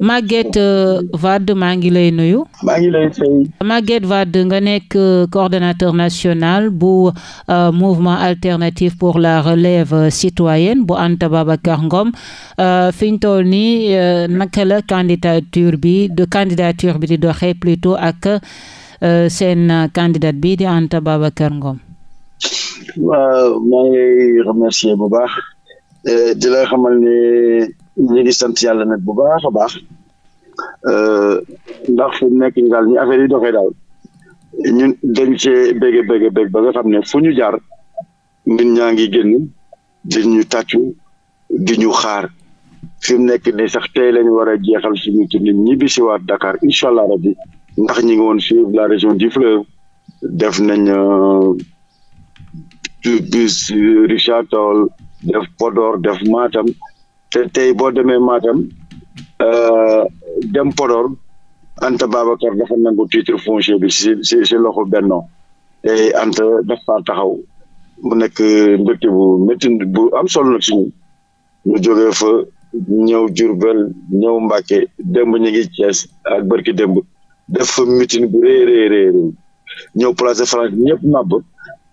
Maguette euh, Wade maa ngi lay nuyu. maa ngi nga nekk euh, coordonnateur national bu euh, mouvement alternatif pour la relève citoyenne bu Anta Babacar Ngom fi ñu toll nii naka la candidature bi de candidature bi di ak seen candidate bi di Anta Babacar Ngom. maa ngi remercier bu di la xamal ni. ñu ngi sant yàlla nag bu baax a baax ndax fu nekk ñu daal ñu affaire yi doxee daal ñun dañ cee bége bége ba nga xam ne fu ñu jaar nit ñaa ngi génn di ñu tàccu di ñu xaar fi mu nekk nii sax tey lañu war a jeexal suñu tournée ñibbi si waat Dakar incha allah rabbi ndax ñi ngi woon suivre la région du fleuve def nañ euh, euh, Richard Toll def Podor def maatam te tey boo demee Matam euh, dem Podor Anta Babacar dafa nangu titre foncier bi si si si loxo Benno te Anta dafa taxaw mu nekk mbégte bu métti bu am solo nag suñu ñu jógee fa ñëw Diourbel ñëw Mbacké demb ñu ngi Thiès ak barki démb def fa mitin bu rëy rëy rëy ñëw place de France ñëpp nabb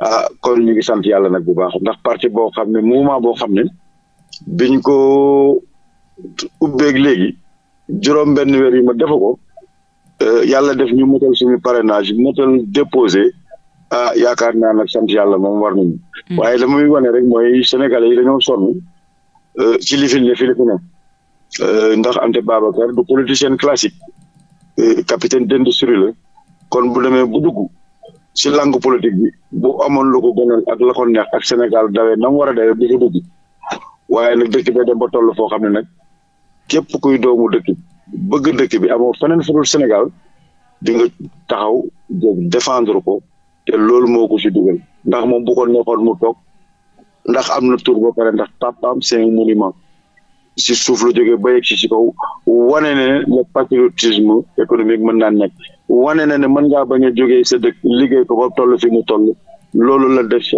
ah kon ñu ngi sant yàlla nag bu baax ndax parti boo xam ne mouvement boo xam ne. biñ ko ubbeeg léegi juróom benn weer yi ma defa ko euh, yàlla def ñu motal suñu parrainage motal déposé a ah, yaakaar naa nag sant yàlla moom war nañu hmm. waaye la muy wane rek mooy sénégalais yi dañoo sonn euh, ci li ne fi euh, ndax Anta Babacar du politicien classique capitaine d'industrie la kon bu demee bu dugg ci langue politique bi bu amoon lu ko ak la ko neex ak Sénégal dawee na mu war dawee du ko waaye nag dëkk bi dem ba toll foo xam ne nag képp kuy doomu dëkk bëgg dëkk bi amoo feneen fu dul Sénégal di nga taxaw jóg défendre ko te loolu moo ko ci dugal ndax moom buggoon ko neexoon mu toog ndax am na tur boo pare ndax Tapam c'est un monument si suuf lu jógee ba yegg si ci kaw wane ne le patriotisme économique mën naa nekk wane na ne mën ngaa bañ a jógee sa dëkk liggéey ko ba toll fi mu toll loolu la def si ci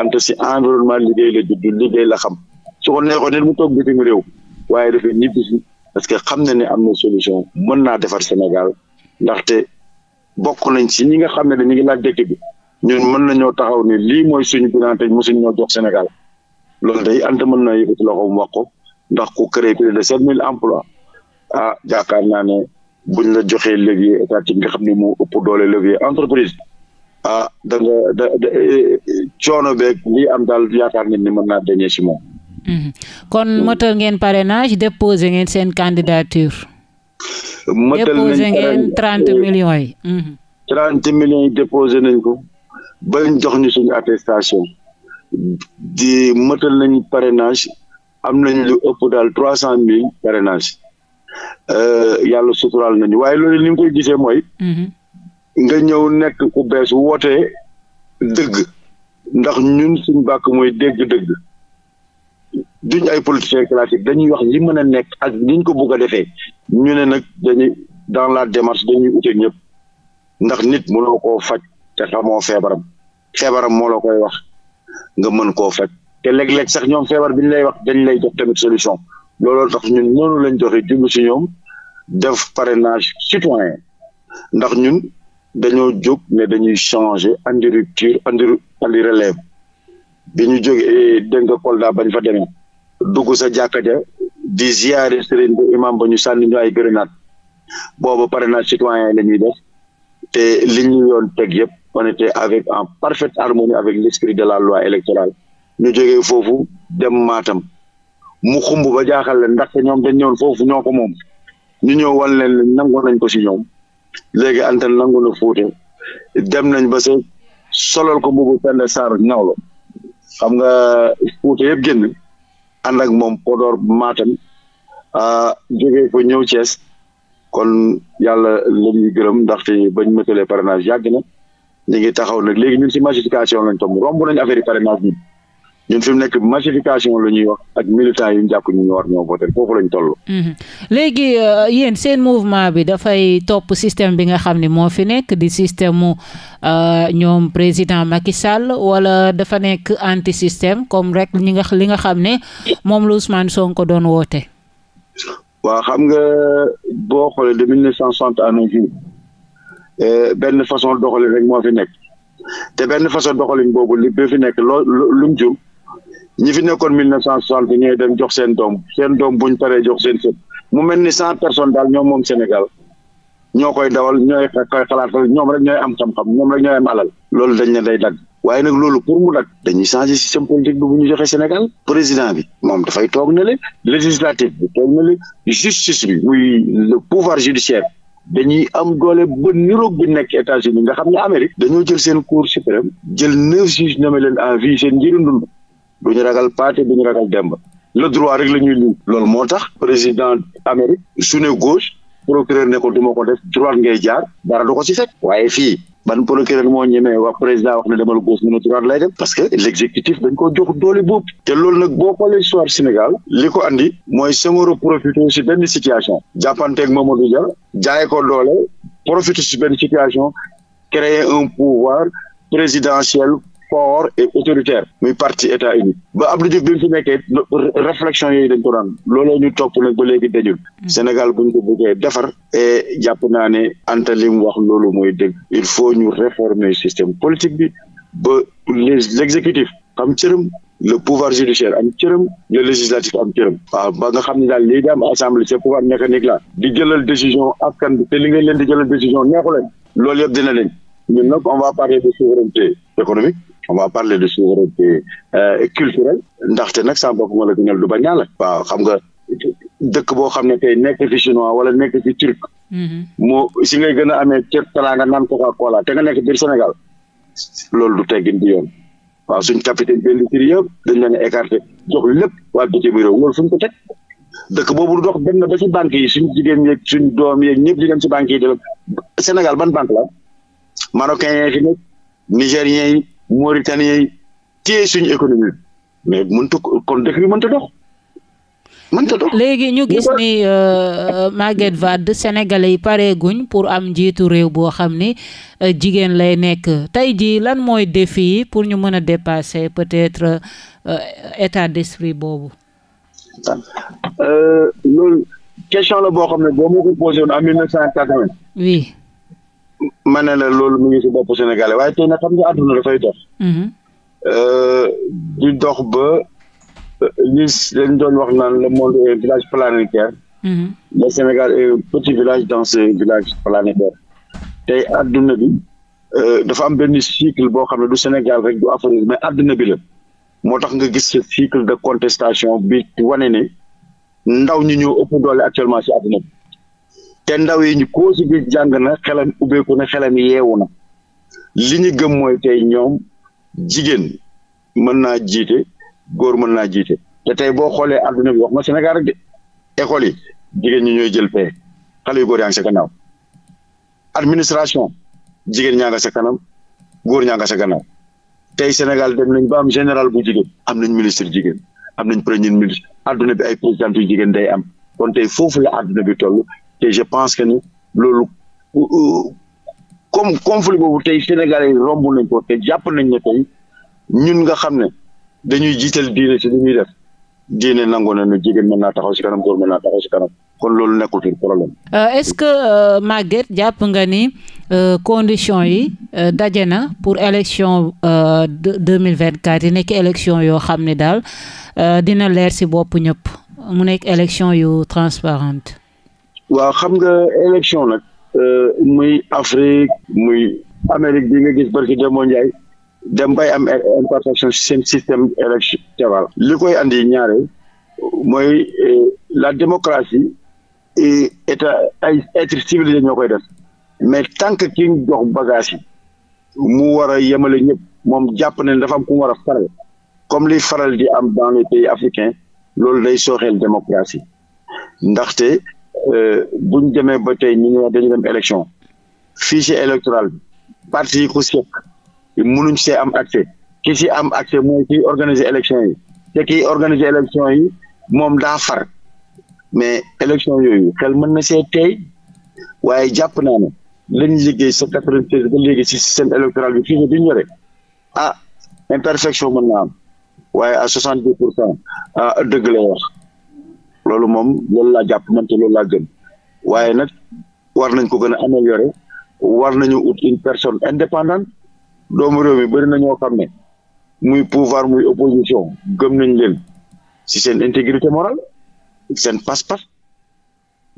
ant si ci environnement liggéey la judd liggéey la xam. su ko neexoon ne mu toog bitim réew waaye dafa ñibbisi parce que xam na ne am na solution mën naa defar Sénégal ndaxte bokk nañ ci ñi nga xam ne dañu ngi laaj dëkk bi ñun mën na nañoo taxaw ne li mooy suñu bilan te mosuñ ñoo jox Sénégal loolu day Anta mën naa yëkkati loxoom wax ko ndax ku créé plus de sept mille emplois ah jaakaar naa ne buñ la joxee ta étatique nga xam ne moo ëpp doole levier entreprise ah da nga da eh, coono beeg lii am daal yaakaar nañ ne mën naa dañee si moom. Mhm. kon motal ngeen parrainage déposé ngeen seen candidature. motal nañ déposé ngeen trente yi. trente millions yi mhm. déposé nañ ko bañ jox ñu suñu attestation di motal nañ parrainage am nañ lu ëpp daal trois cent mille parrainage euh, yàlla suturaal nañu waaye loolu ni nga koy gisee mooy. Mhm. nga ñëw nekk ku bees wootee dëgg ndax ñun suñu bàkk mooy dégg-dëgg. duñu ay politiciens classiques dañuy wax li mën a nekk ak ni ñu ko bugg a defee ñu ne nag dañuy dans la démarche dañuy ute ñëpp ndax nit mënoo koo faj te xamoo feebaram feebaram moo la koy wax nga mën koo faj te léeg-léeg sax ñoom feebar bi ñu lay wax dañ lay jox tamit solution looloo tax ñun noonu lañ doxee jublu si ñoom def parenage citoyen ndax ñun dañoo jóg ne dañuy changer andi rupture andi andi relève bi ñu jógee eh, dégg nga Kolda bañ fa demee. dugg sa jàkka ja di ziare sëriñ imam ba ñu sànni ñu ay grenade pare parrainage citoyen la ñuy def te li ñu yoon teg yëpp on était avec en parfaite harmonie avec l'esprit de la loi électorale ñu jógee foofu dem maatam mu xumb ba jaaxal leen ndaxte ñoom dañ ñëwoon foofu ñoo ko moom ñu ñëw wan leen nangu nañ ko si ñoom léegi antal nangu na Fuuta dem nañ ba sa solal ko mbubu Penda Sarr ñaw la nga Fuuta yëpp génn ànd ak moom Podor Matam jógee ko ñëw Thiès kon yàlla la ñuy gërëm ndaxte bañ mëtalee parrainage yàgg na ñu ngi taxaw nag léegi ñun si massification lañ tomb romb nañ affaire yi ñun fi mu nekk massification la ñuy wax ak militants yi ñu jàpp ñu war ñoo voté foofu lañ toll. Mhm. léegi euh, yéen seen mouvement bi dafay topp système bi nga xam ne moo fi nekk di système mu euh, ñoom président Macky Sall wala dafa nekk anti système comme rek ñi nga li nga xam ne moom la Ousmane Sonko doon woote. waa xam nga boo xoolee de mille neuf cent soixante à nos jours euh, façon doxalin rek moo fi nekk te benn façon doxalin boobu li bi fi nekk loo lu mu jur. ñi fi nekkoon mille neuf cent soixante ñooy dem jox seen doom seen doom buñ paree jox seen sët mu mel ni cent personne daal ñoom moom Sénégal ñoo koy dawal ñooy koy xalaatal ñoom rek ñooy am xam-xam ñoom rek ñooy am alal loolu dañ ne day dagg waaye nag loolu pour mu nag dañuy changer système politique bi bu ñu joxe Sénégal président bi moom dafay toog na le législatif bi toog na le justice bi muy le pouvoir judiciaire dañuy am doole ba niroog bi nekk États-Unis nga xam ne Amérique dañoo jël seen cour suprême jël neuf juges nommé leen en vie seen njëriñ dund duñu ragal paate duñu ragal demb le droit rek la ñuy lii moo tax président Amérique su ne gauche procureur ne ko du ma ko def droite ngay jaar dara du ko ci fekk waaye fii ban procureur moo ñemee wax président wax ne demal gauche mu ne lay dem parce que l' exécutif dañ ko jox doole boobu te loolu nag boo xoolee histoire Sénégal li ko andi mooy Senghor profité ci benn situation jàppanteeg Mamadou Dia jaay ko doole profité ci benn situation créer un pouvoir présidentiel fort et autoritaire muy parti état uni ba Abdou Diouf bi mu fi nekkee réflexion yooyu dañ ko daan looloo ñu topp nag ba léegi dañul mm. Sénégal buñ ko bëggee defar e jàpp naa ne Anta li mu wax loolu mooy dëgg il faut ñu réformer système politique bi ba les l'exécutif xam cërëm le pouvoir judiciaire am cërëm le législatif am cërëm waaw ba nga xam ne daal lii di am assemblée pouvoir mécanique la di jëlal décision ak kan te li ngeen leen di jëlal décision neexu leen loolu yëpp dina leen ñun nag on va parler de souveraineté économique on va parler sa mbokk ma la gënal du xam nga dëkk boo xam ne tey nekk fi chinois wala nekk fi turc moo mm-hmm. si ngay gën a amee cër talaanga naan coca cola te nga nekk biir Sénégal loolu du teggin di yoon waaw suñ capitaine d'industrie yëpp dañ leen a écarté jox lépp waa bitim réew loolu fuñ ko teg dëkk boobu dox dem na ba ci banque yi suñ jigéen yeeg suñ doom yeeg ñëpp di dem ci Sénégal ban banque la marocains yi fi nekk nigériens yi mauritaniens yi téye suñu économie mais mënta dox mënta dox. léegi ñu gis ni euh, Maguette Wade sénégalais yi pareeguñ pour am njiitu réew boo xam ni euh, jigéen lay nekk tey jii lan mooy défi yi pour ñu mën a dépassé peut-être euh, état d'esprit boobu. loolu question la boo xam ne boo ma ko posé woon en mille neuf cent quatre ma ne la loolu mu ngi si bopp Sénégalais waaye tey nag xam nga àdduna dafay dox. Mhm. Euh, di dox ba euh, li lañ doon wax naan le monde est village planétaire. Mhm. le Sénégal est un petit village dans ce village planétaire. tey àdduna bi euh, dafa am benn cycle boo xam ne du Sénégal rek du Afrique mais àdduna bi la moo tax nga gis ce cycle de contestation bi wane ne ndaw ñi ñëw ëpp doole actuellement si àdduna bi. te ndaw yi ñu koo jàng na xelam ubbeeku na xelam yeewu na li ñu gëm mooy tey ñoom jigéen mën naa jiite góor mën naa jiite te tey boo xoolee adduna bi wax ma Sénégal rek de yi jigéen ñi ñooy jël paie xale yu góor yaa ngi administration jigéen ñaa nga sa kanam góor ñaa nga sa gannaaw tey Sénégal dem nañ ba am général bu jigéen am nañ ministre jigéen am nañ premier ministre adduna bi ay président yu jigéen day am kon tey foofu la adduna bi toll te je pense que ni loolu comme conflit boobu tey Sénégalais yi romb nañ ko te jàpp nañ ne tey ñun nga xam ne dañuy jiital diine si li ñuy def diine nangoo nañu jigéen mën naa taxaw si kanam kon loolu nekkul problème. Euh, est-ce que euh, Maguette jàpp nga ni euh, conditions yi daje na pour élection deux mille vingt quatre nekk élection yoo xam ne daal dina leer si bopp ñëpp mu nekk élection yu transparente waaw xam nga élection nag. Euh, muy Afrique muy Amérique bi nga gis barki Demba Ndiaye dem bay am impartation seen système électoral. li koy andi ñaare mooy euh, la démocratie et état ay être civilisé ñoo koy def mais tant que ki ñu jox bagage yi mu war a yemale ñëpp moom jàpp ne dafa am ku mu war a faral comme li faral di am dans les pays africains loolu day sooxeel démocratie ndaxte. Euh, bu ñu demee ba tey ñu ngi dañ dañu dem élection fichier électoral parti yi ku seq mënuñ see am accès ki si am accès mooy kiy organiser élection yi te kiy organiser élection yi moom daa far mais élection yooyu xel mën na see tey waaye jàpp naa ne lañ liggéey sa quatre-vingt-seize ba léegi si système électoral bi fii bi ñu yore ah imperfection mën na am waaye à soixante-dix pour cent ah dëgg la wax loolu moom loolu laa jàpp man te loolu laa gën waaye nag war nañ ko gën a améliorer war nañu ut une personne indépendante doomu réew mi bëri na ñoo xam ne muy pouvoir muy opposition gëm nañ leen si seen intégrité morale seen pas-pas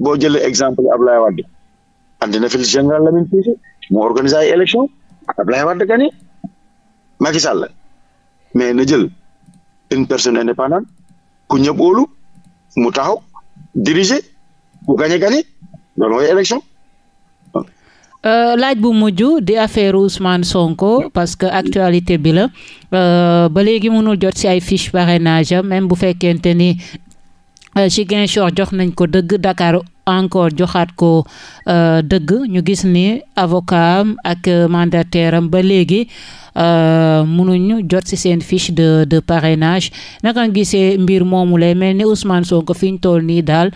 boo jëlee exemple Ablaye Wade andi na fi général Lamine Cissé mu organiser ay élection Ablaye Wade gagné Macky Sall mais na jël une personne indépendante ku ñëpp mu taxaw diriger ku gañe gañe loolu élection. Euh, laaj bu mujj di affaire Ousmane Sonko parce que actualité bi la euh, ba léegi mënul jot ci ay fiche parrainage même bu fekkente ni euh, Ziguinchor jox nañ ko dëgg Dakar encore joxaat ko euh, dëgg ñu gis ni avocat ak euh, mandataire ba léegi euh, mënuñu jot ci seen fiche de de parrainage naka gisee mbir moomu lay mel ni Ousmane Sonko fi ñu toll nii daal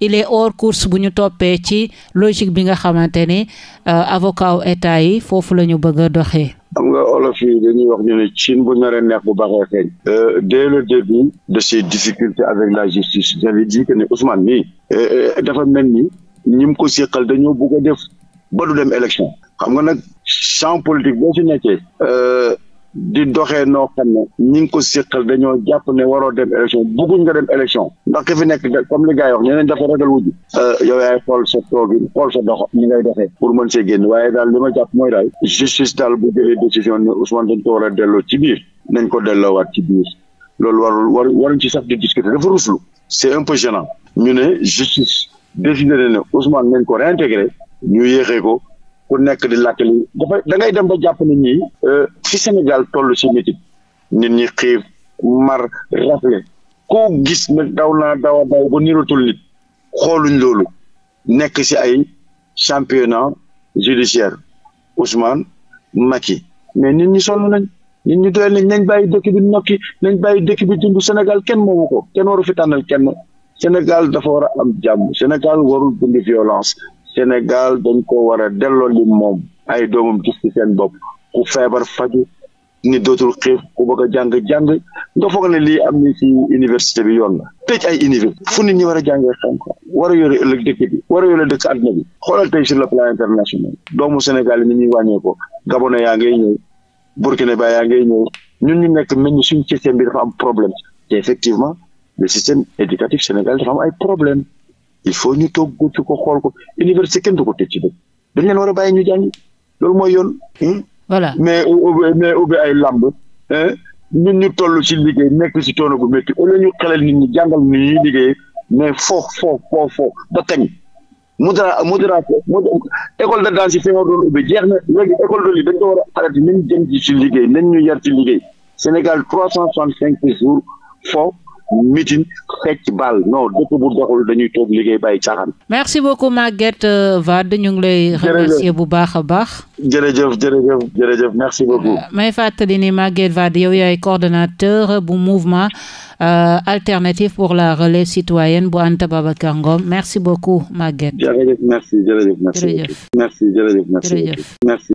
il est hors course bu ñu toppee ci logique bi nga xamante ne avocat wu état yi foofu la ñu bëgg a wolof yi dañuy wax ñu ne cin bu naree neex bu baaxee xeeñ euh, dès le début de ces difficultés avec la justice j'avais dit que ne Ousmane nii euh, euh, dafa mel ni ñi mu ko seqal dañoo bëgg a def ba du dem élection xam nga nag champ politique boo ci nekkee di doxee noo xam ne ñi ngi ko séqal dañoo jàpp ne waroo dem élection bëgguñ nga dem élection ndax ki fi nekk comme li gars yi wax ñeneen dafa ragal wujj euh, yow yaay xool sa toogin xool sa dox ngay doxee pour mën see génn waaye daal li ma jàpp mooy daal justice daal bu jëlee décision ni Ousmane dañ ko war a delloo ci biir nañ ko delloowaat ci biir loolu warul war waruñ ci sax di discuter dafa ruslu c'est un ñu ne justice décidé na ne Ousmane nañ ko réintégré ñu yéexee ko ku nekk di lakk li dafa da dem ba jàpp nit ñi euh, fi Sénégal toll si métit nit ñi xiif mar rafle koo gis nag daw na daw a daw ba niratul nit xooluñ loolu nekk si ay championnat judiciaire Ousmane Macky mais nit ñi sol nañ nit ñi doyal nañ nañ bàyyi dëkk bi nokki nañ bàyyi dëkk bi dund Sénégal kenn moomu ko kenn waru fi tànnal kenn Sénégal dafa war a am jàmm Sénégal warul dund violence Sénégal dañ ko war a delloo li moom ay doomam gis ci seen bopp ku feebar faju ni dootul xiif ku bëgg a jàng jàng nga foog ne lii am ni ci université bi yoon la tëj ay université fu nit ñi war a jàngee xam-xam war a yore ëllëg dëkk bi war a yore dëkk àdduna bi xoolal tey sur le plan international doomu Sénégal yi ni ñuy wàññeekoo Gabon yaa ngay ñëw Burkina ba yaa ngay ñëw ñu ñu nekk mel ni suñu système bi dafa am problème te effectivement le système éducatif Sénégal dafa am ay problème il faut ñu toog gëstu ko xool ko université kenn du ko ci dëkk dañ leen war a bàyyi ñu jàngi loolu mooy yoon. voilà mais mais ubbi ay làmb ñun ñu toll ci liggéey nekk ci toona bu métti au lieu ñu xelal nit ñu jàngal nit ñuy liggéey mais foof foof foof foof ba kañ. modéra modéra école de danse yi doon ubbi jeex na léegi école de lii dañ ko war a arrêté nañ jëm ci liggéey nañ ñu yar ci liggéey Sénégal trois cent soixante cinq jours foofu. meeting fecc bal non dëkk bu doxul dañuy toog liggéey bàyyi caaxaan. merci beaucoup Maguette euh, Wade ñu ngi lay. remercier bu baax a baax. jërëjëf jërëjëf jërëjëf merci euh, beaucoup. may fàttali ni Maguette Wade yow yaay coordonnateur bu mouvement euh, alternatif pour la relève citoyenne bu Anta Babacar Ngom merci beaucoup merci jërëjëf merci. jërëjëf merci jërëjëf